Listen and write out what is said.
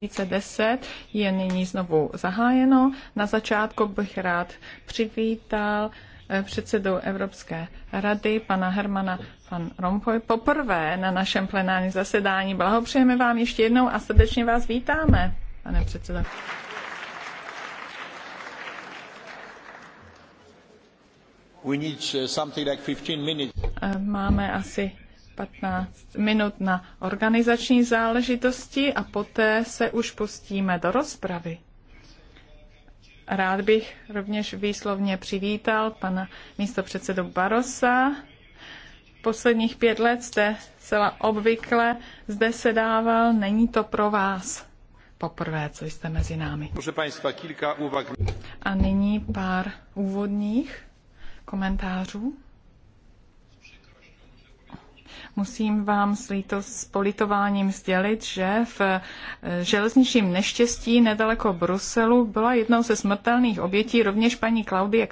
2010 je nyní znovu zahájeno. Na začátku bych rád přivítal eh, předsedu Evropské rady, pana Hermana van Rompuy. Poprvé na našem plenárním zasedání blahopřejeme vám ještě jednou a srdečně vás vítáme, pane předsedo. We need eh, something like 15 minutes. Eh, máme asi 15 minut na organizační záležitosti a poté se už pustíme do rozpravy. Rád bych rovněž výslovně přivítal pana místopředsedu Barosa. Posledních pět let jste celá obvykle zde sedával, není to pro vás poprvé, co jste mezi námi. A nyní pár úvodních komentářů. Musím vám s, s politováním sdělit, že v eh, železničním neštěstí nedaleko Bruselu byla jednou ze smrtelných obětí rovněž paní Klaudie